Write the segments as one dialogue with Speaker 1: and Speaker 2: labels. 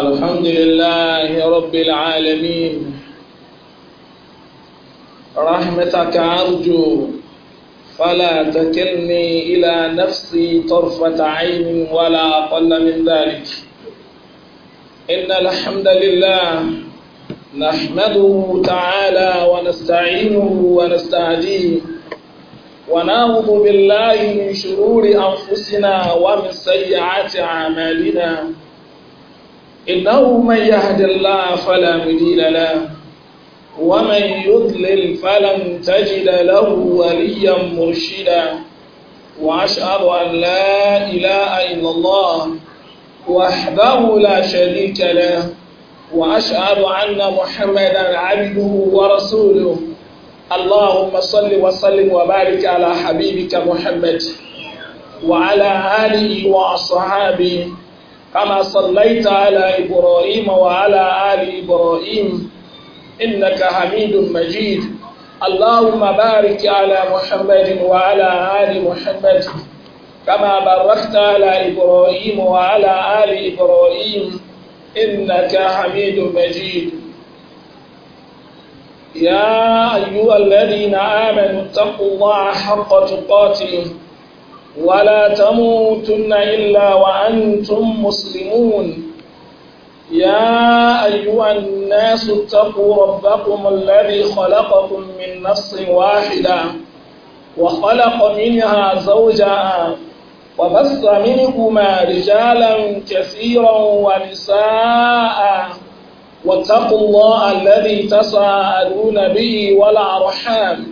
Speaker 1: الحمد لله رب العالمين رحمتك أرجو فلا تكلني إلى نفسي طرفة عين ولا أقل من ذلك إن الحمد لله نحمده تعالى ونستعينه ونستهديه ونعوذ بالله من شرور أنفسنا ومن سيئات أعمالنا إنه من يهد الله فلا مضل له ومن يضلل فلن تجد له وليا مرشدا وأشهد أن لا إله إلا الله وحده لا شريك له وأشهد أن محمدا عبده ورسوله اللهم صل وسلم وبارك على حبيبك محمد وعلى آله وأصحابه كما صليت على إبراهيم وعلى آل إبراهيم إنك حميد مجيد اللهم بارك على محمد وعلى آل محمد كما باركت على إبراهيم وعلى آل إبراهيم إنك حميد مجيد يا أيها الذين آمنوا اتقوا الله حق تقاته ولا تموتن إلا وأنتم مسلمون يا أيها الناس اتقوا ربكم الذي خلقكم من نفس واحدة وخلق منها زوجها وبث منكما رجالا كثيرا ونساء واتقوا الله الذي تساءلون به والأرحام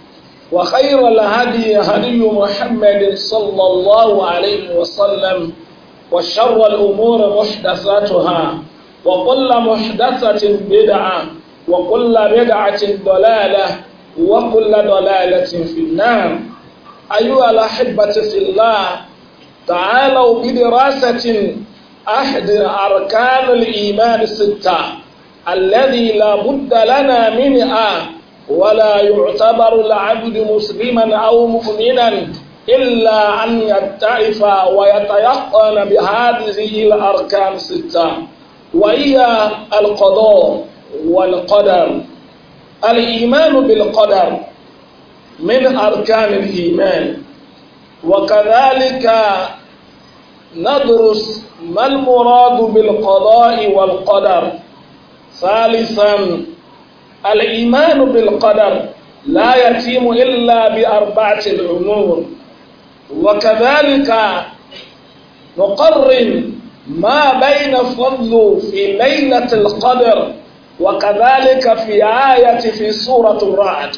Speaker 1: وخير الهدي هدي محمد صلى الله عليه وسلم وشر الأمور محدثاتها وكل محدثة بدعة وكل بدعة ضلالة وكل ضلالة في النار أيها الأحبة في الله تعالوا بدراسة أحد أركان الإيمان الستة الذي لا بد لنا منها ولا يعتبر العبد مسلما أو مؤمنا إلا أن يتعف ويتيقن بهذه الأركان الستة وهي القضاء والقدر الإيمان بالقدر من أركان الإيمان وكذلك ندرس ما المراد بالقضاء والقدر ثالثا الإيمان بالقدر لا يتم إلا بأربعة الأمور وكذلك نقرن ما بين فضل في ليلة القدر وكذلك في آية في سورة الرعد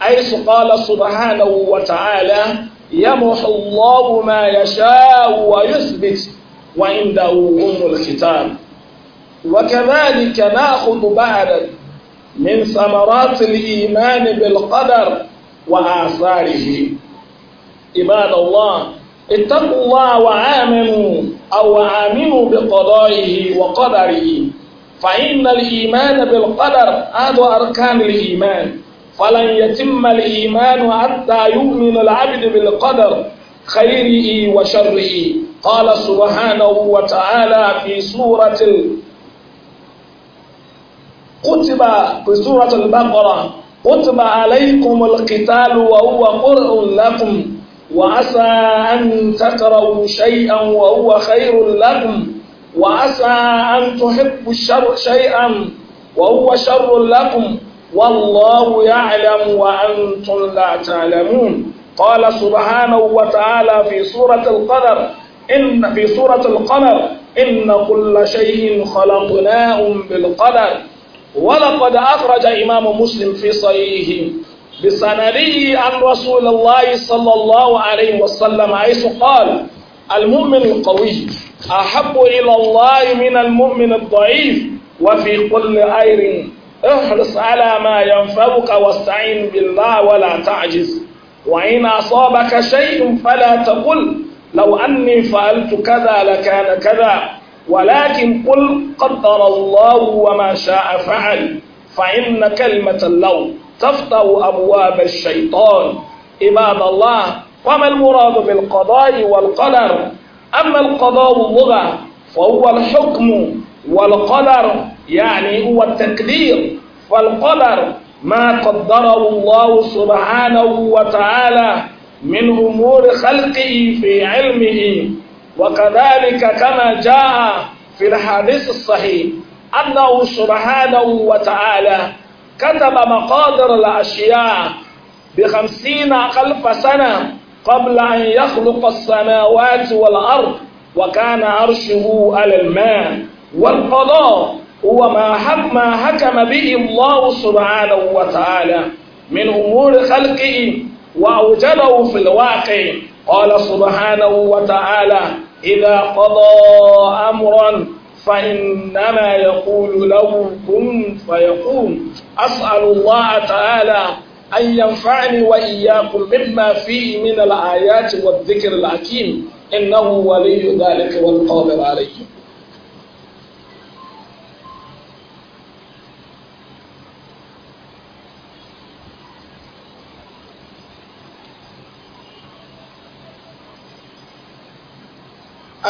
Speaker 1: حيث قال سبحانه وتعالى يمحو الله ما يشاء ويثبت وعنده أم الكتاب وكذلك ناخذ بعد من ثمرات الإيمان بالقدر وآثاره عباد الله اتقوا الله وآمنوا أو آمنوا بقضائه وقدره فإن الإيمان بالقدر هذا أركان الإيمان فلن يتم الإيمان حتى يؤمن العبد بالقدر خيره وشره قال سبحانه وتعالى في سورة كتب في سورة البقرة كتب عليكم القتال وهو قرء لكم وعسى أن تكرهوا شيئا وهو خير لكم وعسى أن تحبوا الشر شيئا وهو شر لكم والله يعلم وأنتم لا تعلمون قال سبحانه وتعالى في سورة القمر إن في سورة القمر إن كل شيء خلقناه بالقدر ولقد أخرج إمام مسلم في صحيحه بسنده عن رسول الله صلى الله عليه وسلم حيث قال المؤمن القوي أحب إلى الله من المؤمن الضعيف وفي كل خير احرص على ما ينفعك واستعين بالله ولا تعجز وإن أصابك شيء فلا تقل لو أني فعلت كذا لكان كذا ولكن قل قدر الله وما شاء فعل فإن كلمة اللو تفتح أبواب الشيطان عباد الله وما المراد بالقضاء والقدر أما القضاء اللغة فهو الحكم والقدر يعني هو التقدير فالقدر ما قدره الله سبحانه وتعالى من أمور خلقه في علمه وكذلك كما جاء في الحديث الصحيح أنه سبحانه وتعالى كتب مقادر الأشياء بخمسين ألف سنة قبل أن يخلق السماوات والأرض وكان عرشه على الماء والقضاء هو ما حكم, حكم به الله سبحانه وتعالى من أمور خلقه وأوجده في الواقع قال سبحانه وتعالى إذا قضى أمرا فإنما يقول له كن فيقوم أسأل الله تعالى أن ينفعني وإياكم مما فيه من الآيات والذكر الحكيم إنه ولي ذلك والقادر عليه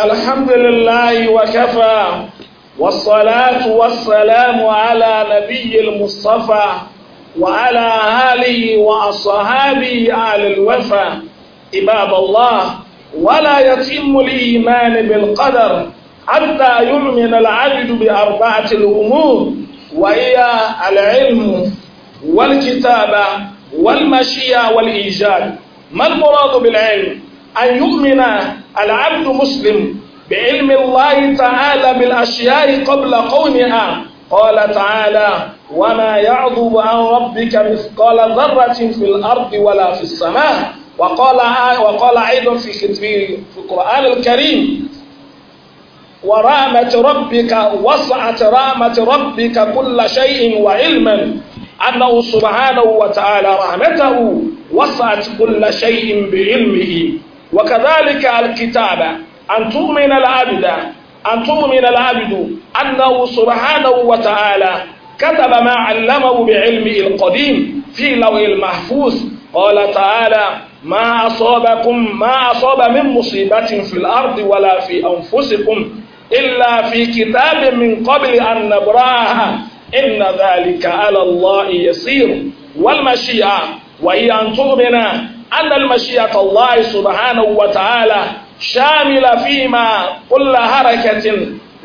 Speaker 1: الحمد لله وكفى والصلاة والسلام على نبي المصطفى وعلى آله وأصحابه آل الوفا عباد الله ولا يتم الإيمان بالقدر حتى يؤمن العبد بأربعة الأمور وهي العلم والكتابة والمشيئة والإيجاد ما المراد بالعلم أن يؤمن العبد مسلم بعلم الله تعالى بالأشياء قبل كونها قال تعالى وما يعظم عن ربك مثقال ذرة في الأرض ولا في السماء وقال وقال أيضا في في القرآن الكريم ورامة ربك وسعت رامة ربك كل شيء وعلما أنه سبحانه وتعالى رحمته وسعت كل شيء بعلمه وكذلك الكتابة أن تؤمن العبد أن تؤمن العبد أنه سبحانه وتعالى كتب ما علمه بعلمه القديم في لوح المحفوظ قال تعالى ما أصابكم ما أصاب من مصيبة في الأرض ولا في أنفسكم إلا في كتاب من قبل أن نبراها إن ذلك على الله يسير والمشيئة وهي أن تؤمن أن المشيئة الله سبحانه وتعالى شاملة فيما كل حركة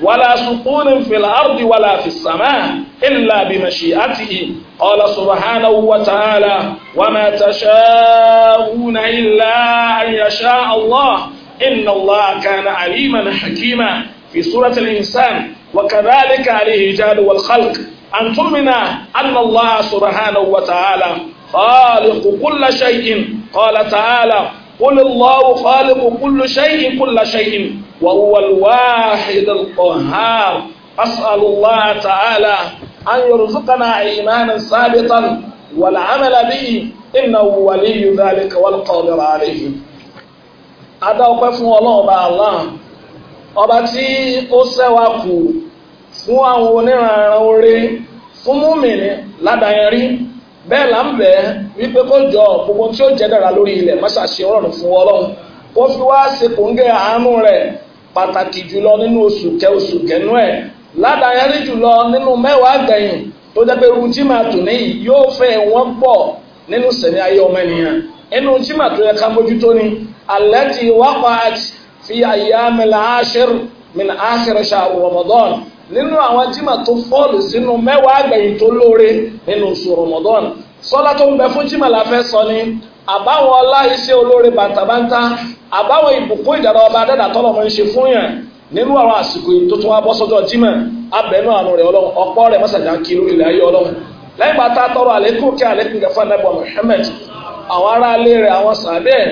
Speaker 1: ولا سكون في الأرض ولا في السماء إلا بمشيئته قال سبحانه وتعالى وما تشاءون إلا أن يشاء الله إن الله كان عليما حكيما في سورة الإنسان وكذلك عليه جاد والخلق أن تؤمن أن الله سبحانه وتعالى خالق كل شيء قال تعالى قل الله خالق كل شيء كل شيء وهو الواحد القهار أسأل الله تعالى أن يرزقنا إيمانا ثابتا والعمل به إنه ولي ذلك والقادر عليه adá ọpẹ́ fún Ọlọ́run ọba Allah ọba tí ó ṣẹ́wà kù fún àwọn oníranran oore fún múmìnì ládàáyẹrí bẹ́ẹ̀ là ń bẹ̀ ẹ́ wípé kó jọ gbogbo tí ó jẹ́ dára lórí ilẹ̀ mọ́ṣáṣí ọlọ́run fún ọlọ́run kó fi wá ṣe kòńgẹ́ àánú rẹ̀ pàtàkì jùlọ nínú oṣù kẹ oṣù kẹnu ẹ̀ ládàáyárí jùlọ nínú mẹ́wàá gbẹ̀yìn tó jẹ́ pé irun tí màá tò ní yóò fẹ́ wọ́n pọ̀ nínú sẹ̀mí ayé ọmọ ènìyàn inú tí màá tò yẹ ká mójútó ni alẹ́ ti wákàtí fi àyà mẹ́lá áṣẹ́rù min áṣẹ́rù Ramadan nínú àwọn jímà tó fọ́ọ̀lù sínú mẹ́wàá àgbẹ̀yìn tó lóore nínú oṣù Ramadan sọ́lá tó ń bẹ fún jímà la fẹ́ sọ ni àbáwọn ọlá iṣẹ́ olóore bàǹtàbàǹtà àbáwọn ìbùkún ìdára ọba dẹ́dà tọ́lọ́mọ ń ṣe fún yàn nínú àwọn àsìkò yìí tó tún wá bọ́ sọ́jọ́ jímà abẹ́nú àánú rẹ̀ ọlọ́run ọ̀pọ̀ rẹ̀ mọ́sàdá kiri ilẹ̀ ayé ọlọ́run lẹ́yìn tá a tọrọ àlékún kí àlékún kẹfà nẹ́bọ̀ Muhammad àwọn aráalé rẹ̀ àwọn sàbẹ́ẹ̀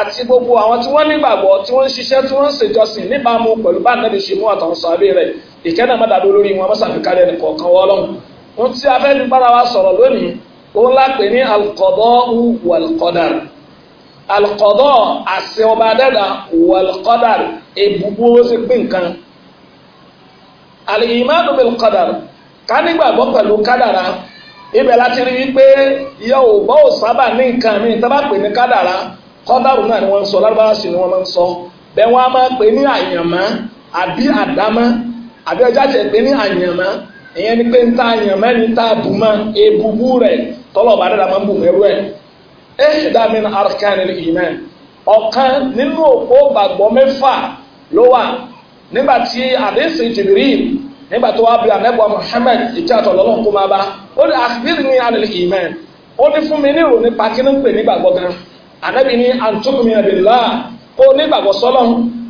Speaker 1: àti gbogbo àwọn tí wọ́n nígbàgbọ́ tí wọ́n ń ṣiṣẹ́ tí wọ́n ń ṣèjọsìn níbàámu pẹ̀lú bá nàbì ṣe mú àtàwọn sàbẹ̀ rẹ̀ ìkẹ́nà má dàdó lórí wọn mọ́sàbí kárẹ́ ẹnì kọ̀ọ̀kan wọ́n lọ́hùn. ohun tí a fẹ́ fi bára wa sọ̀rọ̀ lónìí òun lápè ní alkọ̀dọ́ wàlkọ̀dà alkọ̀dọ́ àṣẹ ọba dẹ́dà wàlkọ̀dà èbúbú ó ibẹ̀ láti rí wípé yóò bọ́ òsábà ní nǹkan mi tábà pè ní kádàrá kọ́dàrú náà ni wọ́n ń sọ lárúbáwá sì ni wọ́n máa ń sọ bẹ́ẹ̀ wọ́n á máa pè ní àyànmọ́ àbí àdámá àbí ọjà tẹ̀ pé ní àyànmọ́ ìyẹn ni pé ń ta àyànmọ́ ni ta àbùmọ́ ebubú rẹ̀ tọ́lọ̀ máa ń bù dàmí ní arkanil nínú ló wà nígbà tí àdéhùn nígbà tó bí ìjà kó máa bá ó ní ó ní fún mi ní ìròyìn ànábì ní antukumina billah kó nígbàgbọ́ sọ́lọ́n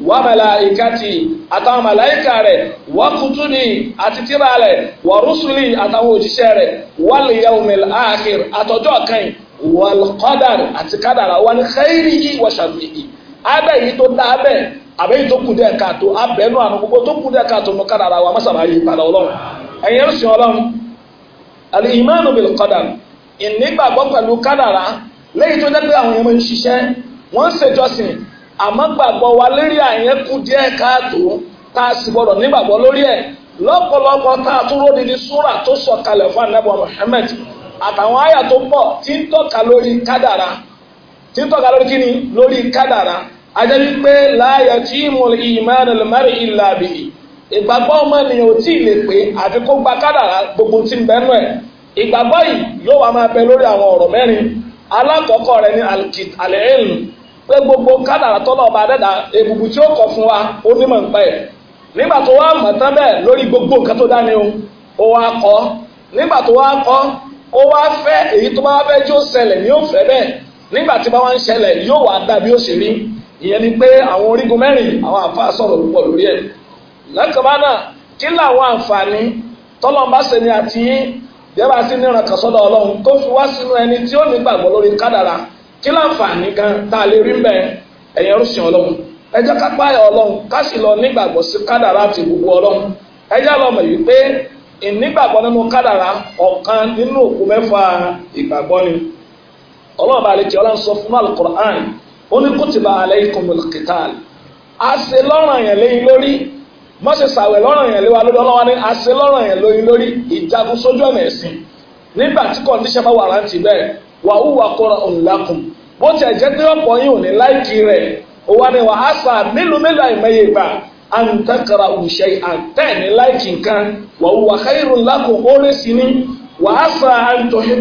Speaker 1: wà màláìkàtì àtàwọn màláìkà rẹ̀ wà kùtùbì àti tírà rẹ̀ wà rúsùlì àtàwọn òjíṣẹ́ rẹ̀ wal yawmil akhir àtọ́jọ́ kan wal qadar àti kádàrà wal khairihi wa sharrihi abẹ́ yìí tó dá abẹ́ àbẹ́ yìí tó kù dẹ́ kàtó abẹ́nu àrùn gbogbo tó kù dẹ́ kàtó mú kádàrà wa mọ́sàmá yìí padà ọlọ́run ẹ̀yẹ́rù sìn ọlọ́run al bil qadar ìnígbàgbọ́ pẹ̀lú kádàrà lẹ́yìn tó jẹ́ pé àwọn èèyàn máa ń ṣiṣẹ́ wọ́n ń ṣèjọsìn àmọ́ gbàgbọ́ wa lérí àyẹn kù díẹ̀ káàtó tá a sì gbọ́dọ̀ nígbàgbọ́ lórí ẹ̀ lọ́pọ̀lọpọ̀ tá a tún ródìdí súrà tó sọ kalẹ̀ fún anábọ̀ Muhammad àtàwọn àyà tó pọ̀ tí ń tọ́ka lórí kádàrà tí ń tọ́ka lórí kíni lórí kádàrà ajẹ́bí pé láàyè tí mo ìmánu lùmárì ìlà bì í ìgbàgbọ́ ọmọnìyàn ò tí ì lè pé àfi kó gba kádàrà gbogbo tí ń bẹ́nu ẹ̀ ìgbàgbọ́ yìí yóò wá máa bẹ lórí àwọn ọ̀rọ̀ mẹ́rin alákọ̀ọ́kọ́ rẹ̀ ní alẹ́rìnù pé gbogbo kádàrà tọ́lọ̀ ọba dẹ́dà èbùbù tí ó kọ̀ fún wa ó nímọ̀ ń pẹ́ nígbà tó wá mọ̀ tán bẹ́ẹ̀ lórí gbogbo nǹkan tó dání o ó wá kọ́ nígbà tó wá kọ́ ó wá fẹ́ èyí tó bá fẹ́ tí ó ṣẹlẹ̀ ni ó fẹ́ bẹ́ẹ̀ nígbà tí bá wá ń ṣẹlẹ̀ yóò wá dà bí ó ṣe rí ìyẹn ni pé àwọn orígun mẹ́rin àwọn àfa sọ̀rọ̀ púpọ̀ lórí ẹ̀ lẹ́kọ̀ọ́ bá náà kí làwọn àǹfààní tọ́lọ́mbàṣẹ́ ni àti yẹ́bà sí níran kan sọ́dọ̀ ọlọ́run kó fi wá sínú ẹni tí ó nígbàgbọ́ lórí kádàrà kí láǹfààní kan tá a lè rí mbẹ́ ẹ̀yìn ọ̀rùsìn ọlọ́run ẹ jẹ́ ká páyà ọlọ́run ká sì lọ nígbàgbọ́ sí kádàrà àti gbogbo ọlọ́run ẹ jẹ́ lọ́mọ yìí pé ìnígbàgbọ́ nínú kádàrà ọ̀kan nínú òkú mẹ́fà ìgbàgbọ́ ni ọlọ́ọ̀bà àlejò ọlá ń sọ fún alukur'an ó ní kùtìbà alaykumul qital má ṣe ṣàwẹ̀ lọ́rọ̀ yẹn léwa lórí ọlọ́wọ́ ní ṣe lọ́rọ̀ yẹn lóyún lórí ìjagun sójú ọ̀nà ẹ̀sìn nígbà tí kọ̀ǹdíṣẹ́ bá wà láǹtì bẹ́ẹ̀ wà hùwà kọ́ra òǹlàkùn bó tiẹ̀ jẹ́ pé ọ̀pọ̀ yín ò ní láìkì rẹ̀ òwa ni wà á sà mélòó mélòó àìmọye ìgbà àǹtàkàrà òṣè àǹtẹ̀ ní láìkì nǹkan wà hùwà káyìrún lákùn ó lé sí ní wà á sà àǹtọ̀hìn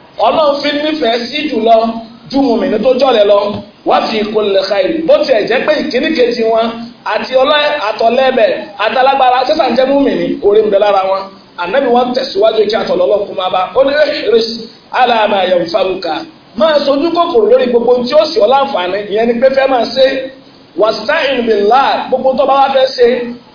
Speaker 1: ọlọ́run fi nífẹ̀ẹ́ sí jùlọ ju mùmìnì tó jọ̀lẹ̀ lọ wá fi kulli khair bó tiẹ̀ jẹ́ pé ìkíní kejì wọn àti àtọ̀lẹ́bẹ̀ àtàlágbára sẹ́sà ń jẹ́ mùmìnì orí ń bẹ lára wọn ànábì wọn tẹ̀síwájú kí àtọ̀lọ́lọ́run kó máa bá ó ní ihris ala ma yanfa'uka máa sojú kòkòrò lórí gbogbo tí ó sì ọ́ láǹfààní ìyẹn ni pé fẹ́ máa ṣe wàstáìn billah gbogbo tó bá wá fẹ́ ṣe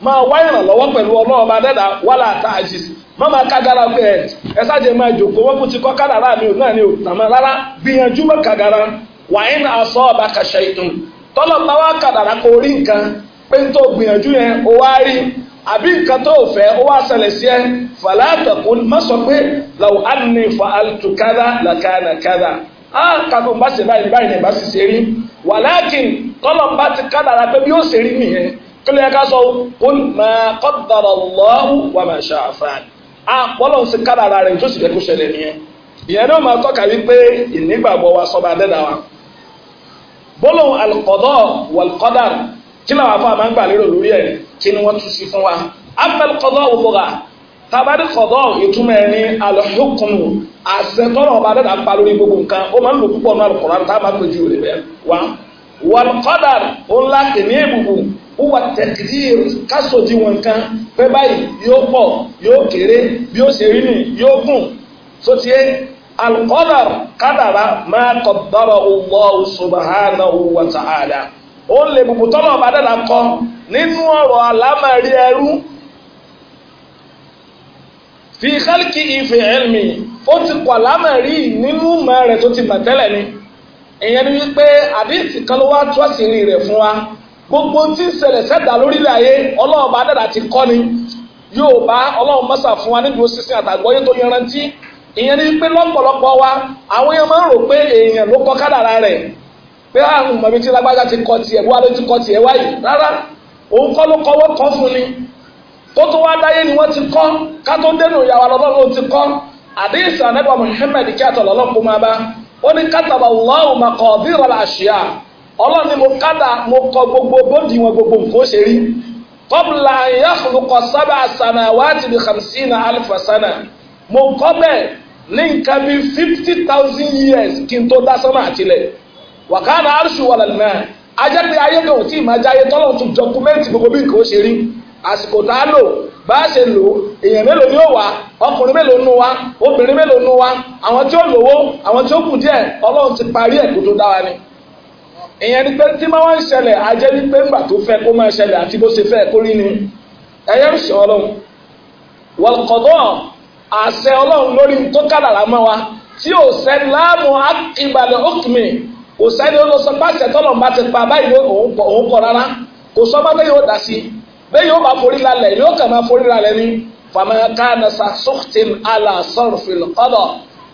Speaker 1: máa wá ìrànlọ́wọ́ pẹ̀lú ọlọ́ọ̀bá dẹ́dà wàlá ta'jiz má máa kágara pé ẹ ẹ sáàjẹ máa jòkó wọ́n kún ti kọ́ kádàrá mi ò náà ni ò tàmá rárá gbìyànjú mọ́ kágara wàyín àsọ ọba kàṣẹ ìtàn tọ́lọ̀ bá wá kádàrá kó rí nǹkan pé ń tó gbìyànjú yẹn ó wá rí àbí nǹkan tó fẹ́ ó wá ṣẹlẹ̀ sí ẹ fàlàtàkù má sọ pé làwọn àdìní fa àlùkádà làkàdà kádà á kàkó bá ṣe báyìí báyìí ní bá sì ṣe rí wàlákìn tọ́lọ̀ bá ti kádàrá pé bí ó ṣe rí nìyẹn kí ló yẹ ká sọ kó máa qaddara Allahu wa ma sha'a fa'al àpọ́lọ́ sí kádàrà rẹ̀ tó sì fẹ́ kó ṣẹlẹ̀ nìyẹn ìyẹn náà máa tọ́ka wípé ìnígbàgbọ́ wa sọ́ba dẹ́dà wa bọ́lọ̀ alqada walqadar kí làwọn afọ àmà ń gbà lérò lórí ẹ̀ kí ni wọ́n tún sí fún wa amma òbúra tabari qada ìtumọ̀ ẹ̀ ní alhukmu àṣetọ́rọ̀ ọba dẹ́dà pa lórí gbogbo nǹkan ó máa ń lò púpọ̀ náà al walqadar ó ńlá kìíní wúwa tẹ̀kìdí kásòdì wọn kan pé báyìí yóò pọ̀ yóò kéré bí ó ṣe rí nì yóò gùn tó ti é alqadar kádàrá máa qaddara Allahu subhanahu wa ta'ala ó lè bùbù tọ́lọ̀ ọba kọ nínú ọ̀rọ̀ alámàrí ẹrú fi khalqi ìfẹ́ ẹ̀mí ó ti kọ̀ alámàrí nínú mọ́ tó ti mọ̀ ni ìyẹn ni wípé àdéhìí kan ló wá tú àṣírí rẹ̀ fún wa gbogbo tí ń ṣẹlẹ̀ sẹ́dá lórílẹ̀ ayé ọlọ́run bá dàda ti kọ́ ni yóò bá ọlọ́run mọ́sà fún wa nídìí sísìn àtàgbọ́yé tó yanrantí ìyẹn ni pé lọ́pọ̀lọpọ̀ wa àwọn èèyàn máa ń rò pé èèyàn ló kọ́ kádàrá rẹ̀ pé àrùn ah, mọ̀bí tí lágbájá ti kọ tiẹ̀ wá ló ti kọ tiẹ̀ wáyé rárá òun kọ́ ló kọ́wọ́ kọ́ fún ni kó tó wá dáyé ni wọ́n ti kọ́ ká tó dénú ìyàwó ọlọ́run ti kọ́ àdéhìsàn anábà Muhammad kí àtọ̀lọ́lọ́kùn máa bá ó ní kátàbà Allahu maqadir al-ashiya ọlọ́run ni mo kádà mo kọ gbogbo bóńdì wọn gbogbo nǹkan ó ṣe rí kọ́bùlà yakhluqa sábà sànà wáàtì bí khamsina alifa sànà mo kọ́ bẹ́ẹ̀ ní nǹkan bíi fifty thousand years kí n tó dá sánmà àtìlẹ̀ wàkàrà arṣu wàlànà ajẹ́pẹ́ ayé kan ò tí ì máa jáyé tọ́lọ̀ tún dọ́kúmẹ́ǹtì gbogbo bí nǹkan ó ṣe rí àsìkò tá a lò bá a ṣe lò èèyàn mélòó ni ó wà ọkùnrin mélòó nu wa obìnrin mélòó nu wa àwọn tí ó lówó àwọn tí ó kù díẹ̀ ọlọ́run ti parí ẹ̀ kó tó dá wa ni ìyẹn ni pé tí máa ń ṣẹlẹ̀ ajẹ́ wípé ńgbà tó fẹ́ kó máa ṣẹlẹ̀ àti bó ṣe fẹ́ kó rí ni ẹ̀yẹ́ ń ṣe ọlọ́run wọ̀lkọ̀dọ́ àṣẹ ọlọ́run lórí tó kádàrá mọ́ wa tí ò sẹ́ni láàmú ìbàlẹ̀ òkùnmí kò sẹ́ni ó lọ sọ pàṣẹ tọ́lọ̀n bá ti pa báyìí òun kọ̀ rárá kò sọ bá bẹ́ẹ̀ yóò dà sí bẹ́ẹ̀ yóò bá forí lálẹ̀ yóò kàn máa forí lálẹ̀ ní fàmáyà káà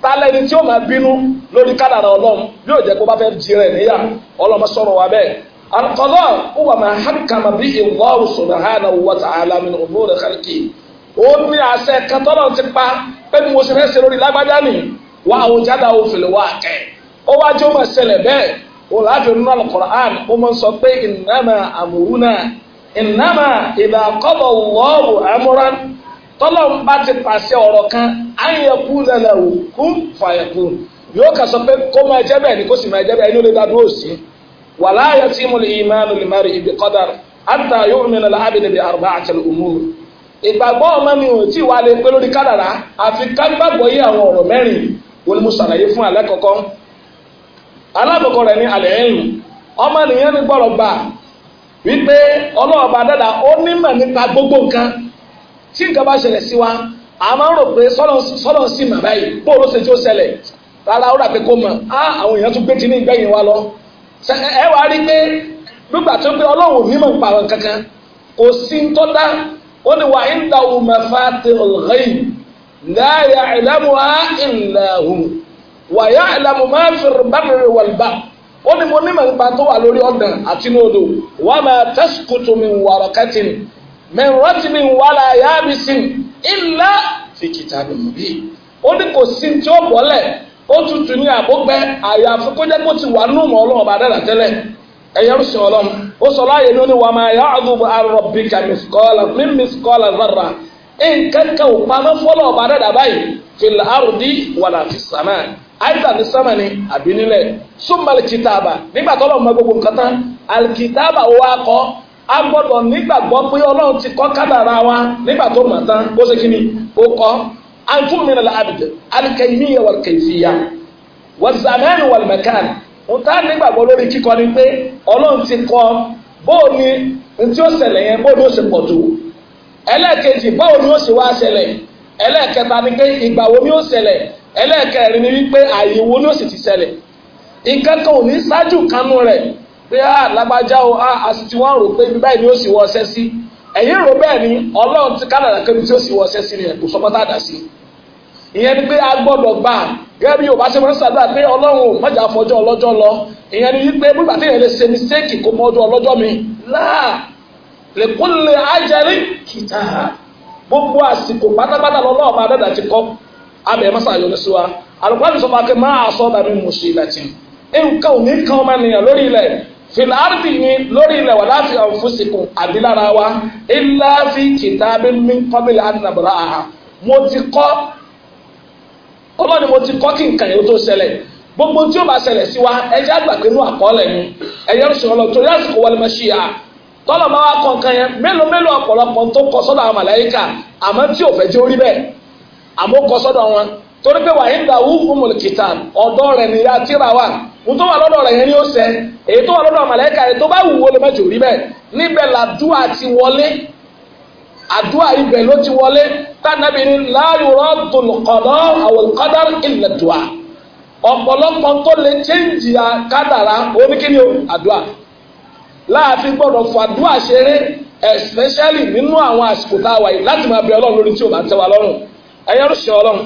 Speaker 1: tálẹ́ni tí ó máa bínú lórí kádàrà ọlọ́run yóò jẹ́ kó bá fẹ́ jí rẹ̀ níyà ọlọ́mọ sọ̀rọ̀ wa bẹ́ẹ̀ alqada huwa ma hakama bihi Allah subhanahu wa ta'ala min umuri khalqi ó ní àṣẹ katọ́lọ̀ ti pa pé mo ṣe fẹ́ ṣe lórí lágbájá ni wa awjadahu fil waqi ó wá jẹ́ ó máa ṣẹlẹ̀ bẹ́ẹ̀ ó láti nínú tọ́lọ́run bá ti pàṣẹ ọ̀rọ̀ kan ayẹ̀kú lẹ́lẹ̀ wò kún fàyẹ̀kú yóò kà sọ pé kó máa jẹ́ bẹ́ẹ̀ ni kó sì máa jẹ́ bẹ́ẹ̀ ẹni ó lè dá sí i wà láàyè tí mo lè yí máa lò lè má rí ibi kọ́dà àtà yóò mìíràn láàbì níbi àrùbá àtẹlẹ òmùú ìgbàgbọ́ ọmọ mi ò tí ì wá lè pé lórí kádàrá àfi yí àwọn ọ̀rọ̀ mẹ́rin wọn ni mo ṣàlàyé fún alẹ́ gbogbo nǹkan tí nǹkan bá ṣẹlẹ̀ sí wa a máa ń rò pé sọ́lọ́ sí màmá yìí bó ló ṣe tí ó ṣẹlẹ̀ rárá ó rà pé kó mọ̀ á àwọn èèyàn tún gbé kínní gbẹ̀yìn wa lọ ẹ wàá rí pé nígbà tó ń pé ọlọ́run ò ní mọ̀ kankan kò sí ń tọ́ dá ó ní wàá ń da òmà fatihul ghaib la ya'lamuha illa hu wa ya'lamu ma fil barri wal bahr ó ní mo ní mọ̀ nípa tó wà lórí ọ̀gbìn àtinúdò wa ma tasqutu min waraqatin min wala ya illa fi kitabin mubin ó ní kò sí tí ó bọ́lẹ̀ ó tutù ní àbúgbẹ́ àyàfi kó jẹ́ kó ti wà nù mọ́ ọlọ́run ọba dára tẹ́lẹ̀ ẹ̀yẹ́ ọlọ́run ó sọ láàyè ní ó ní wa ma ya'dhubu an rabbika wala àìsà ní súnmọ́ nígbà a gbọ́dọ̀ nígbàgbọ́ pé ọlọ́run ti kọ kádàrá wa nígbà tó tán ṣe kíni ó kọ́ antum min al-abd al-kaymiyya wal-kayfiyya waz-zaman wal-makan n ta nígbàgbọ́ lórí kíkọ ni pé ti bóò ni ó yẹn bóò ni ó báwo ni ó wá ni pé ìgbà wo ni ó ti ò ní ṣáájú kanú pé a ah, lágbájá o ah, a àti tí wọ́n rò pé ibi báyìí ni ó sì wọ ọṣẹ́ sí ẹ̀yìn rò bẹ́ẹ̀ ni ọlọ́run ti kánàdà kébi tí ó sì wọ ọṣẹ́ sí ni ẹ̀kú sọpọ́tà dà sí ìyẹn ni pé a gbọ́dọ̀ gbà gẹ́gẹ́ bí yorùbá ṣe máa ń ṣàdúrà pé ọlọ́run ò mọ̀jà fọjọ́ ọlọ́jọ́ lọ ìyẹn ni wípé nígbà tí èèyàn lè ṣe mistake kó mọ ọlọ́jọ́ mi láà lè kó lè ájẹrí kìtà gbogbo àsìkò pátápátá lọ́wọ́ ọba dàdà ti kọ́ abẹ́ mọ́sá yọ̀ọ́ sí wa àlùkò àti sọ́kà kẹ́ máa sọ́ dàbí mùsùlùmí nǹkan ò ní kan ọmọ ènìyàn lórí ilẹ̀ filardi ni lórí ilẹ̀ wà láti ọ̀fùsìkùn àbílára wa ilá fi kìtàbí mi kọ́bìlì àdínàbọ̀rọ̀ àhà mo ti kọ́ ọlọ́ni mo ti kọ́ kí nǹkan yẹn tó ṣẹlẹ̀ gbogbo tí o bá ṣẹlẹ̀ sí wa ẹ̀yẹ́ àgbàgbé inú àkọọ́lẹ̀ ni ẹ̀yẹ́ ń sọ̀rọ̀ torí àsìkò wọlé mọ́ sí tọ́lọ̀ máa wá kọ́ yẹn mélòó mélòó ọ̀pọ̀lọpọ̀ tó kọ sọ́dọ̀ àwọn màláyíkà àmọ́ tí ò fẹ́ jẹ́ orí bẹ́ẹ̀ àmọ́ kọ sọ́dọ̀ wọn torí pé wàá yín dàwú fúnmùlù kìtà ọ̀dọ́ rẹ̀ ní ya tíra wa ohun tó wà lọ́dọ̀ rẹ̀ yẹn ni ó ṣẹ èyí tó wà lọ́dọ̀ màlẹ́kà rẹ̀ tó bá wù ó lè mẹ́jọ rí bẹ́ẹ̀ níbẹ̀ làdúà ti wọlé àdúà ibẹ̀ ló ti wọlé tànàbí ni láàyò rọ́ọ̀dùn àwọn kọ́dà ilẹ̀ dùà ọ̀pọ̀lọpọ̀ tó lè chéǹjì kádàrá oníkíni àdúà láàfin gbọ́dọ̀ fàdúà ṣeré especially nínú àwọn àsìkò tá a wà yìí láti máa bẹ ọlọ́run lórí tí ò bá tẹ́ wa lọ́rùn ẹ̀yẹ́rù ṣe ọlọ́run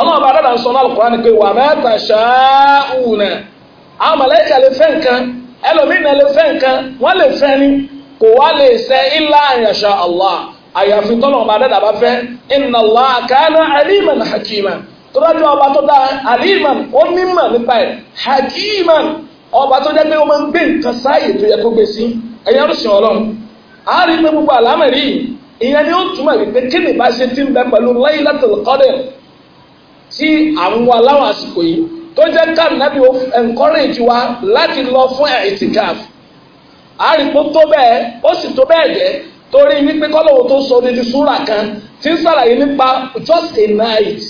Speaker 1: ọlọ́run bá dáadáa sọ náà Al-Qur'an pé wà mẹ́ta ṣááùnà àwọn mọ̀lẹ́kà lè fẹ́ nǹkan ẹlòmínà lè fẹ́ nǹkan wọ́n lè fẹ́ ni kò wá lè ṣe illa an yasha Allah àyàfi tọ́lọ́run bá dáadáa bá fẹ́ inna Allah kana aliman hakima tó dájú ọba tó dáa aliman ó nímọ̀ nípa ẹ̀ hakiman ọba tó jẹ́ pé ó máa ń gbé nǹkan sáàyè tó yẹ kó gbé sí ẹ̀yẹ́ rúṣin ọlọ́run àárín pé gbogbo àlámẹ̀rí ìyẹn ni ó túmọ̀ wípé kí ni bá ṣe ti ń bẹ pẹ̀lú Laylatul Qadr tí àwọn aláwọ̀ àsìkò yìí tó jẹ́ káàdínàbí ó encourage wa láti lọ fún ẹ̀ẹ́tìkáf àríkó tó bẹ́ẹ̀ ó sì tó bẹ́ẹ̀ jẹ́ torí wípé kọ́lọ́wọ́ tó sọ ní súrà kan tí ń sàlàyé nípa just a night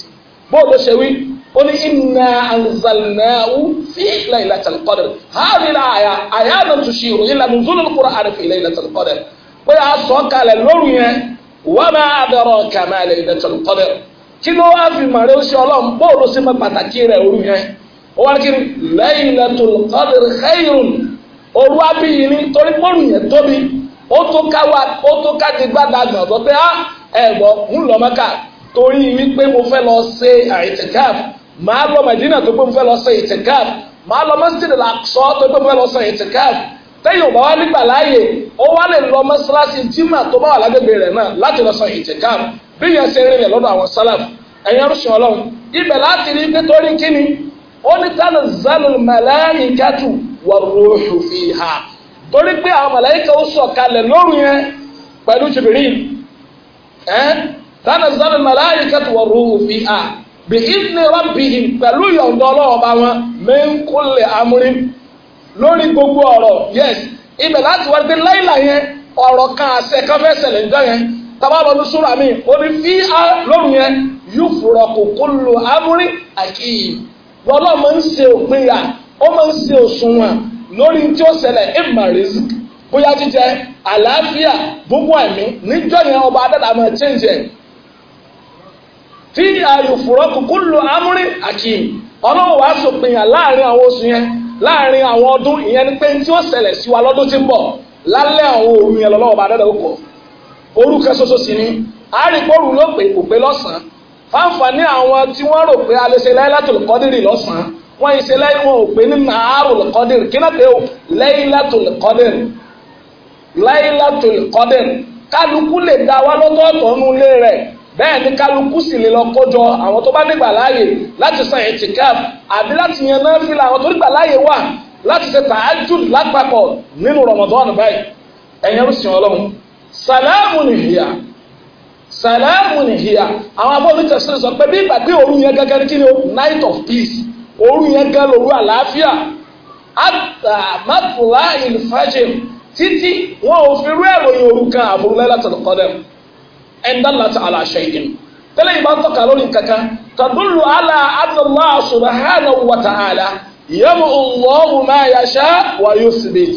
Speaker 1: bó ló ṣe wí ó ní inna anzalnahu fi laylatil qadr hadhihi al-aya ayatun tushiru ila nuzulil qur'ani fi laylatil qadr pé a sọ kalẹ̀ lóru yẹn wa ma adraka ma laylatil qadr kí ló wá fi màrẹ́ ó ṣe ọlọ́run bóòlù sí mọ́ pàtàkì rẹ̀ òru yẹn ó wá kiri Laylatul Qadr khayrun òru abíyí ni torí bóòlù yẹn tóbi ó tó ká wá ó tó ká ti gbádà gbọ̀n tó pé á ah, ẹ̀gbọ́n ń lọ Mẹ́kà torí wípé mo fẹ́ lọ ṣe àìtẹ̀káàf màá lọ Mẹ̀dínà tó pé mo fẹ́ lọ ṣe àìtẹ̀káàf màá lọ Masjid al tó pé mo fẹ́ lọ ṣe àìtẹ̀káàf tẹ́yìn ọ̀bá wa nígbà láàyè ó wá lè lọ mọ́ṣáláṣí jimá tó bá wà lágbègbè rẹ̀ náà láti lọ ṣe àìtẹ̀káàf bí yẹn ṣe rí rẹ̀ lọ́dọ̀ àwọn sálàf ẹ̀yin arúṣin ọlọ́run ibẹ̀ láti rí pé torí kíni ó ní tánà zanu wà rúùhù fi hà torí pé àwọn màláìkà ó sọ̀ kalẹ̀ lóru yẹn pẹ̀lú Jibril ẹ̀ tánà zanu màláìkàtù wà rúùhù fi hà bí ìdílé ọlọ́ọ̀bá wọn mẹ́ńkúlẹ̀ amúrí lórí gbogbo ọ̀rọ̀ yes láti ọ̀rọ̀ kan àṣẹ kan fẹ́ ṣẹlẹ̀ tabalọ ní súra mi ó ní fi á lóhùn yẹn yóò fura kókó lo amúrí àkìyí lọ́lọ́ máa ń ṣe òpin yà ó máa ń ṣe òṣùwọ̀n lórí tí ó ṣẹlẹ̀ ìmọ̀ rìsíkì bóyá jíjẹ àlàáfíà gbogbo ẹ̀mí níjọ́ yẹn ọba adada máa change ẹ̀ fi ààyò fùrọ́kù kú lu amúrí àkì ọlọ́run wàá sòpin yàn láàrin àwọn oṣù yẹn láàrin àwọn ọdún ìyẹn ni pé tí ó ṣẹlẹ̀ sí wa lọ́dún tí ń bọ̀ lálẹ́ àwọn òru yẹn lọ́lọ́run òru kan ṣoṣo sì ni àárìpọ̀rù ló pè kò pé lọ́sàn-án fáǹfààní àwọn tí wọ́n rò pé a lè ṣe Laylatul Qadri lọ́sàn-án wọ́n yìí ṣe lẹ́yìn wọn ò pé ní Naharul Qadri kí náà pé o Laylatul Qadri Laylatul Qadri kálukú lè dá wa lọ́tọ̀ọ̀tọ̀ nú ilé rẹ̀ bẹ́ẹ̀ ni kálukú sì lè lọ kójọ àwọn tó bá nígbà láàyè láti san ìtìkáf àbí láti yan náà fi la tó nígbà láàyè wà láti ṣe tààjù lápapọ̀ nínú Ramadan báyìí ẹ̀yẹ́rú sìn ọlọ́run sàlámù nìyà sàlámù nìyà àwọn abọ́mi tẹ̀sán sọ pé bí ìgbà pé òru yẹn gẹ́gẹ́ ní kí ni night of peace òru yẹn gẹ́gẹ́ lóru àlàáfíà àtà mátùlá ìlfàjìm títí wọn ò fi rú ẹ̀ròyìn òru kan àbúrúlẹ̀ látàlú kọ́dẹ̀ ẹ̀ńdá láti àlàṣẹ ìdìmọ̀ tẹ́lẹ̀ yìí bá ń tọ́ka lórí kankan tàdúlù àlà Allah subhanahu wa ta'ala yẹ́mu Allahu ma yasha wa yuthbit.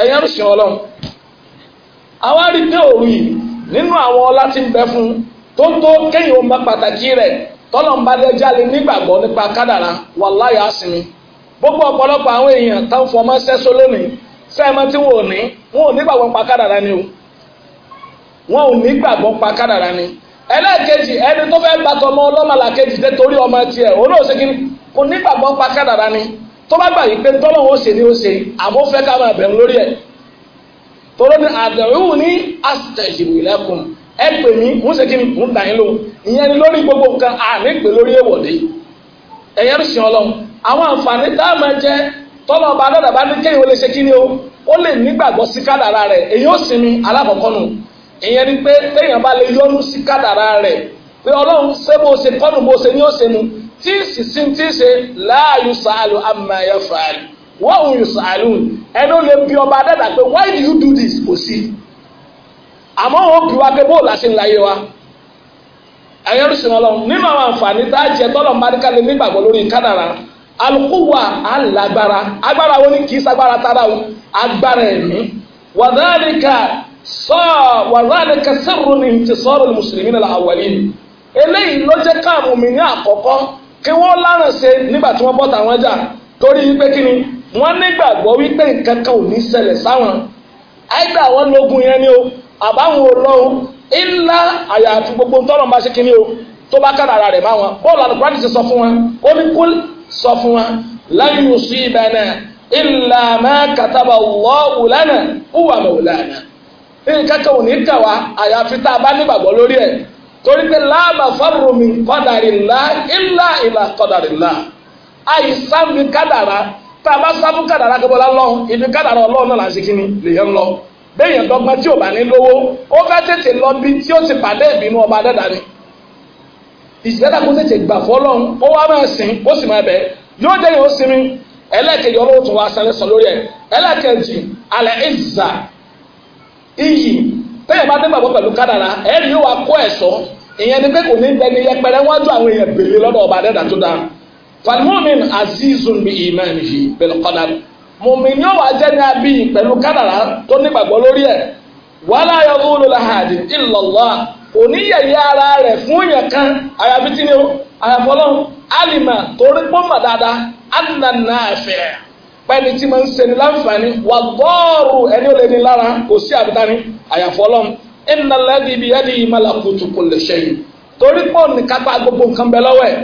Speaker 1: ẹ̀yẹ́ ń sìn ọlọ́run àwa rí pé òru yìí nínú àwọn ọlá tí ń bẹ fún tó tó kéyìn ọmọ pàtàkì rẹ̀ tọ́lọ̀ ń bá lẹ́jà lé nígbàgbọ́ nípa kádàrá wàláyà á sinmi gbogbo ọpọlọpọ àwọn èèyàn táwọn fọmọ sẹ́sọ lónìí sẹ́ẹ̀mọ́ tí wọn ò ní wọn ò nígbàgbọ́ pa kádàrá ni o wọn ò nígbàgbọ́ pa kádàrá ni ẹlẹ́ẹ̀kejì ẹni tó fẹ́ bàtọ̀ ọmọ kejì dé torí ọmọ tiẹ̀ olóòṣèkí kò nígbàgbọ pa kádàrá ni tó bá gbà wípé tọ́lọ̀ ó ṣe ni ó ṣe àmọ́ fẹ́ ká máa bẹ̀rù lórí ẹ̀ tọ́lọ́ ní àdàrúhùn ní àṣìṣẹ́jìrì lẹ́kùn ẹ pè mí mú ṣe kí n dà yín lò ìyẹn ni lórí gbogbo nǹkan àmì pè lórí èwọ̀dé ẹ̀yẹ́ ń sìn ọlọ́run àwọn àǹfààní tá a máa jẹ tọ́lọ̀ ọba dọ́dà bá ní lè ṣe kí ni o ó lè nígbàgbọ́ sí kádàrá rẹ̀ èyí ó sinmi alákọ̀ọ́kọ́ nù ìyẹn ni pé téèyàn bá lè yọnu sí kádàrá rẹ̀ pé ọlọ́run ṣé bó ṣe kọ́nù bó ṣe ni ó ṣe nu tí sísìn tí ṣe láàyò sàálù àmàyà fàálù wọ́n ò yò sàálù ẹnu lè bí ọba dẹ́dà pé why do you do this kò sí àmọ́ wọn bí wa pé bóòlù àti ńláyé wa ẹ̀yẹ́ ló sìn ọlọ́run nínú àwọn àǹfààní tá a jẹ tọ́lọ̀ mbáríkàlẹ̀ nígbàgbọ́ lórí kádàrá alùpùpù alágbára agbára wo ni kì í sagbára tára o agbára ẹ̀mí wàdánìkà sọ wàdánìkà sẹ́rù ní ti sọ́rọ̀ mùsùlùmí nílà àwọ̀lẹ́ eléyìí ló jẹ́ káàmù mi ní àkọ́kọ́ kí wọ́n láràn ṣe nígbà tí wọ́n bọ́ta wọn jà torí wípé kí ni wọ́n nígbàgbọ́ wípé nǹkan kan ò ní ṣẹlẹ̀ sáwọn àìgbà wọn lógun yẹn ni o àbáwọn olóhùn ńlá àyàfi gbogbo ntọ́nà bá ṣe kí ni o tó bá kára ara rẹ̀ máa wọn bọ́ọ̀lù àlùkùránì ti sọ fún wọn ó ní kó sọ fún wọn lan yusibana illa ma kataba Allahu lana huwa maulana nǹkan kan ò ní kà àyàfi tá a bá nígbàgbọ́ lórí ẹ̀ torí pé láàmà fárùmí kọ́dàrìlá ilá ìlà kọ́dàrìlá àìsàmì kádàrá tá a bá sáfù kádàrá kébọ́lá lọ ibi kádàrá ọlọ́run náà láti kíni lèyàn lọ béèyàn dọ́gba tí ò bá ní lówó ó fẹ́ tètè lọ bí tí ó ti pàdé ìbínú ọba dẹ́dà ni ìsìlẹ́dà kó tètè gbà fọlọ́run ó wá máa sìn ó sì máa bẹ̀ yóò jẹ́ yóò sinmi ẹlẹ́kẹ̀ẹ́ yọ̀rọ̀ òtún wa sálẹ̀ sọ lórí ẹ̀ ẹlẹ́kẹ̀ẹ́ jì alẹ́ ìzà bẹ́ẹ̀ bá nígbàgbọ́ pẹ̀lú kádàrá ẹ̀rí yóò wá kó ẹ̀sọ́ ìyẹn ni pé kò ní bẹni yẹpẹrẹ ọba dẹ́dà tó dáa falmumin azizun bi imanihi pẹ̀lú kádàrá mumin yóò wá jẹ́ ní abí pẹ̀lú kádàrá tó nígbàgbọ́ lórí ẹ̀ wàhálà yọ lóòlù làhàdì ara rẹ̀ fún yẹn kan àyàfi alima torí pọ́nmà dáadáa náà pẹ́ni tí máa ń ṣeni láǹfààní wà bọ́ọ̀rù ẹni ò lè ní lára kò sí àbítání àyàfọ́ ọlọ́run ẹnna lẹ́bi ibi ẹni yìí máa lakutu kò lè ṣẹ́yìn torí pọ̀ ní kápá gbogbo nǹkan bẹ lọ́wọ́ ẹ̀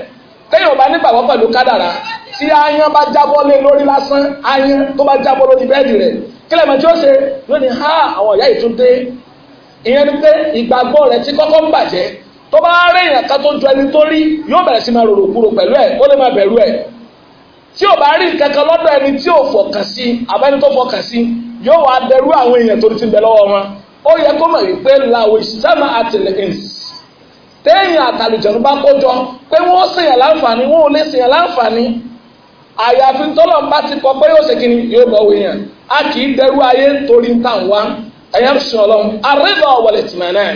Speaker 1: téèyàn bá nígbàgbọ́ pẹ̀lú kádàrá tí ayan bá jábọ́ lé lórí lásán ayan tó bá jábọ́ lórí bẹ́ẹ̀dì rẹ̀ kílẹ̀ mọ̀ tí ó ṣe lónìí ha àwọn ìyá ìtúndé ìyẹn ni pé ìgbàgbọ́ rẹ̀ ti kọ́kọ́ ń bàjẹ́ tó bá rí èèyàn kan tó ju ẹni tó rí yóò bẹ̀rẹ̀ sí máa rorò kúrò pẹ̀lú ẹ̀ ó lè máa bẹ̀rù ẹ̀ tí ò bá rí kankan lọ́dọ̀ ẹni tí ò fọkàn sí abẹ́ni tó fọkàn sí yóò wá dẹrú àwọn èèyàn tó ti bẹ̀ lọ́wọ́ wọn ó yẹ kó mọ̀ wípé làwọn ìsìlámù àtìlẹ́yìn téèyàn àtàlùjọ̀nù bá kójọ pé wọ́n ṣèyàn láǹfààní wọ́n ò lè ṣèyàn láǹfààní àyàfi tọ́lọ̀ bá ti kọ pé yóò ṣe kíni yóò bọ̀ wọ èèyàn a kì í dẹrú ayé torí ntàn ẹ̀yà ń sùn ọlọ́run àríwá ọ̀wọ̀lẹ̀ tìmọ̀ náà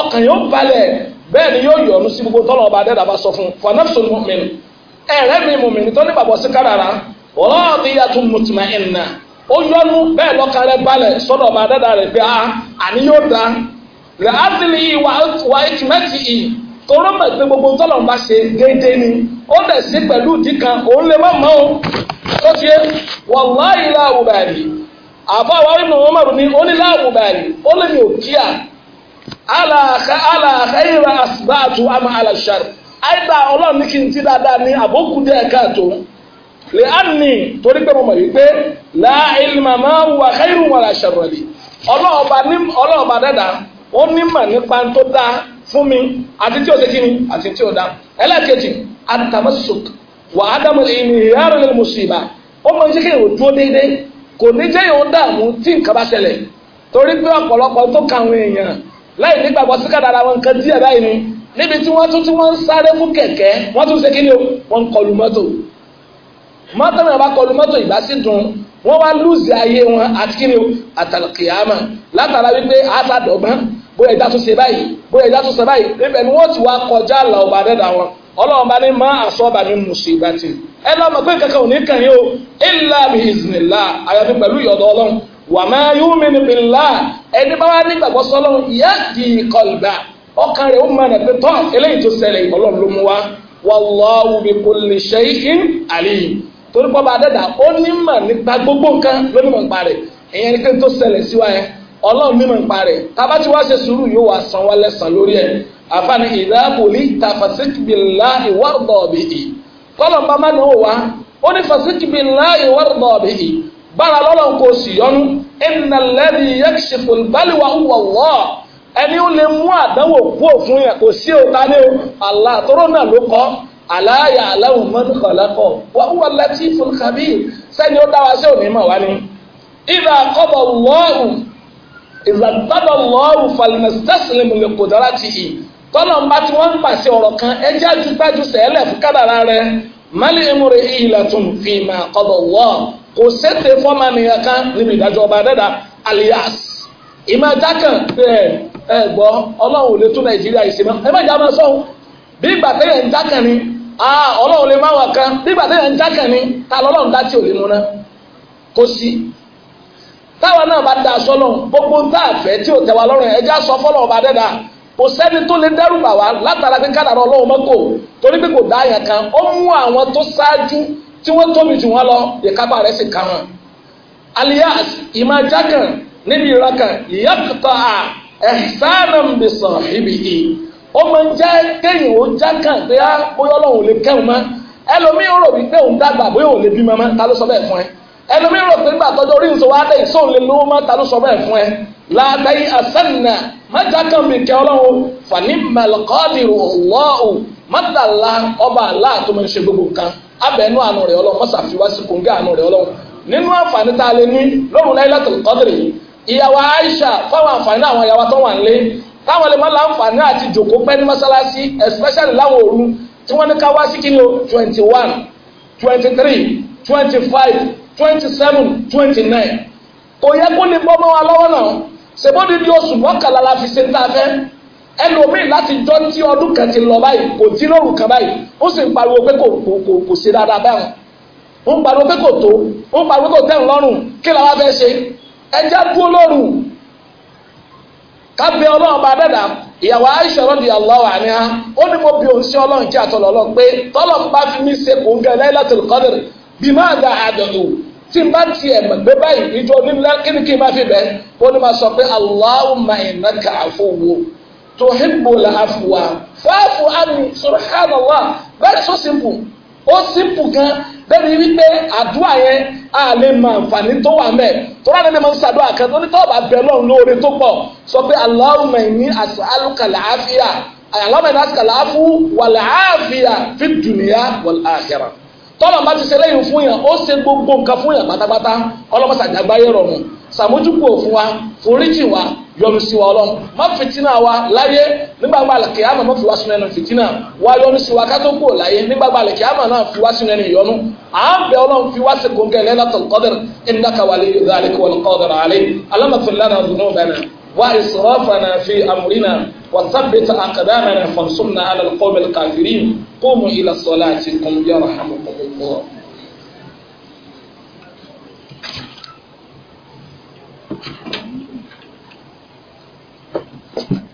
Speaker 1: ọkàn yóò balẹ̀ bẹ́ẹ̀ ni yóò yọ̀ọ́nù sí gbogbo tọ́lọ̀ ọba adẹ́dàbà sọ fún fọnáfíṣọ́ mọ́mìnì ẹ̀rẹ́ mùmìnì tó ní bàbọ̀ sí kádàrá rọ́ọ̀dì yàtú mùtìmá ẹ̀nà ó yọnu bẹ́ẹ̀ lọ́kàn balẹ̀ sọ́dọ̀ ọba rẹ̀ a ah, àní yóò da rẹ̀ á ti lè wà pé gbogbo tọ́lọ̀ bá ṣe déédéé ni ó dẹ̀ sí pẹ̀lú òun o tó ti yé wàláhì láàwù bàrì àbáwá inú wọn mọ̀rún ní ó ní láàwù bàrì ó lè mi ò kíyà àìdá ọlọ́run ní ti dáadáa ní àbókù díẹ̀ káàtó lè á nì torí pé mo mọ̀ wípé láìlmà máa ń wà káyìrù wà láṣàròlì ọlọ́ọ̀bà dẹ́dà ó nímọ̀ nípa tó dáa fún mi àti tí ó ṣe kíni àti tí wà lè ó kí kò ní jẹ́ dààmú tí nǹkan bá ṣẹlẹ̀ torí pé ọ̀pọ̀lọpọ̀ tó èèyàn láì nígbàgbọ́ sí níbi tí wọ́n tún tí wọ́n ń sáré fún kẹ̀kẹ́ wọ́n tún ṣe kíni o wọ́n ń kọlu mọ́tò mọ́tò náà bá kọlu mọ́tò ìgbà sí dùn wọ́n wá lùzì ayé wọn àti kíni o àtàlùkìyàmà látara wípé àtàdọ̀gbọ́n bóyá ìdá tún ṣe báyìí bóyá ìdá tún ṣe báyìí níbẹ̀ ni wọ́n ti wá kọjá àlà ọba dẹ́dà wọn ọlọ́run bá ní má àsọ́ba ní musibati ẹ lọ́ mọ̀ pé kankan ò ní kàn yín o illa bi àyàfi pẹ̀lú ìyọ̀dọ̀ ọlọ́run wa ma yu'min billah ẹni bá wá nígbàgbọ́ sọ́lọ́run yahdi qalba ọkàn rẹ̀ ó máa nà pé tọ́ eléyìí tó ṣẹlẹ̀ ọlọ́run ló mú wa wallahu bi kulli shay'in alim torí pọ́ bá dẹ́dà ó nímọ̀ nípa gbogbo nǹkan ló nímọ̀ nípa rẹ̀ ìyẹn ni pé tó ṣẹlẹ̀ sí wa yẹn ọlọ́run mímọ̀ nípa rẹ̀ tábà tí wá ṣe sùúrù yóò wá san wá lẹ́sàn lórí ẹ̀ àfààní ìdáàbòlì tàfàṣẹ́kìbìlá ìwárùdọ̀ọ̀bì ì kọ́lọ̀ ẹni ó lè mú àdánwò kú òfun yẹn kò sí òta ní o Allah tóró náà ló kọ́ aláyà aláwọ̀ mọ́nìkọ̀lẹ́kọ̀ wọ́n wọ́n lẹ́tí fúnkàbí sẹ́ni ó dá wa sí òní mọ̀ wá ní. ìgbà kọ́bọ̀ lọ́ọ̀rù ìgbàgbọ́dọ̀ lọ́ọ̀rù falimẹ́sítẹ́sìlẹ́mù lè kò dára ti yìí tọ́nà bá tí wọ́n ń pàṣẹ ọ̀rọ̀ kan ẹjẹ́ àjùgbájú sẹ́lẹ̀ fún kádàrá rẹ mali emure ihilatun fi ma kọ́bọ̀ lọ́ọ̀ kò sẹ́tẹ̀ fọ́mà nìyẹn kan níbi ìdájọ́ ọba dẹ́dà alias ìmọ̀ dákàn ẹ ọlọ́run lè tún nàìjíríà ìṣèmọ́ ẹ má máa sọ́hun bí ìgbà ń dákàn ni ọlọ́run lè máa wà kan bí ìgbà tẹ́yẹ̀ ń dákàn ni ta lọ́lọ́run dá tí ò kó sí da gbogbo tá a fẹ́ tí ò tẹ̀wá lọ́rùn ẹ̀já sọ ọba kò sẹ́ni tó lè dẹ́rù bà wá látara pé kádàrá ọlọ́run mọ́kò torí pé kò dá kan ó mú àwọn tó ṣáájú tí wọ́n lọ ìkápá rẹ̀ sì kàn án alias ìmọ̀ níbi ìraka ìyàtọ̀ à ẹ̀sánàm bí sàhíbì yìí ó máa ń jẹ́ kéyìn ó já kàn pé á ah, bóyá ọlọ́run lè kẹ́hùn mọ́ ẹlòmíì rò wípé òun dàgbà bóyá òun lè bímọ mọ́ ta ló sọ bẹ́ẹ̀ fún ẹ ẹlòmíì rò pé nígbà tọ́jú orí nìṣó wá dé ìṣó òun lè lówó mọ́ ta ló sọ bẹ́ẹ̀ fún ẹ látàí àsánà má já kàn bí kẹ́ ọlọ́run fani malkadiru ọlọ́ọ̀ mọ́tàlá ìyàwó Aisha fáwọn àǹfààní àwọn ìyàwó tó wà nílé táwọn lè má láǹfààní àti jòkó pẹ́ ní mọ́sálásí especially láwọn òru tí wọ́n ní ká wá sí kíni o twenty one twenty three twenty five twenty seven twenty nine kò yẹ kó lè bọ́ mọ́ wa lọ́wọ́ náà ṣèbódi di oṣù mọ́kànlá la fi ṣe ń ta fẹ́ ẹlòmíì láti jọ tí ọdún kan ti lọ báyìí kò tí lóru kan báyìí ó sì ń pariwo pé kò kò kò kò dáadáa báwọn ó ń pariwo pé kò tó ó ń pariwo pé kò tẹ̀ ń lọ́rùn kí làwọn fẹ́ ṣe ẹja kú olóòrùn kábẹ́ ọlọ́run bá dẹ́dà ìyàwó Aisha radiyallahu anha ó ní mo bí òun sí ọlọ́run kí àtọ̀lọ́ lọ pé tọ́lọ̀ bá fi mí ṣe kò ń gẹ Laylatul Qadr bí máa da àdọ̀dọ̀ tí n bá tiẹ̀ gbé báyìí ìjọ onílẹ̀ kí ni kí n bá fi bẹ́ẹ̀ ó ní ma sọ pé Allahumma innaka afuwu tuhibbul afwa fa'fu anni subhanallah very so ó sípù gan bẹ́ẹ̀ni wípé àdúrà yẹn a lè mọ àǹfààní tó wà mẹ́ tọ́lá lẹ́nu máa ń ṣàdúrà kan tó ní tọ́ bá bẹ̀ lọ́run lóore tó pọ̀ sọ pé Allahumma inni as'aluka al-afiya Allahumma inni as'aluka al-afu wal-afiya fi dunya wal-akhirah tọ́lọ̀ bá ti ṣe lẹ́yìn fún yàn ó ṣe gbogbo nǹkan fún yàn pátápátá ọlọ́mọṣàjàgbáyé rọrùn ṣàmójúkú òfin wa foríjì wa yọ́nú sí wa ọlọ́run má fìtínà wa láyé nígbàgbà àlùkìyámà má fi wá sínú ẹnu fìtínà wá yọ́nú sí wa kátó kúrò láyé nígbàgbà àlùkìyámà náà fi wá sínú ẹnu ìyọ́nú à ń bẹ ọlọ́run fi wá sí kòńkẹ́ Laylatul Qadr innaka waliyyu dhalika wal qadiru alayh Allahumma ighfir lana dhunubana wa israfana fi amrina wa thabbit aqdamana fansurna ala al-qawmi al-kafirin Thank you. Thank you.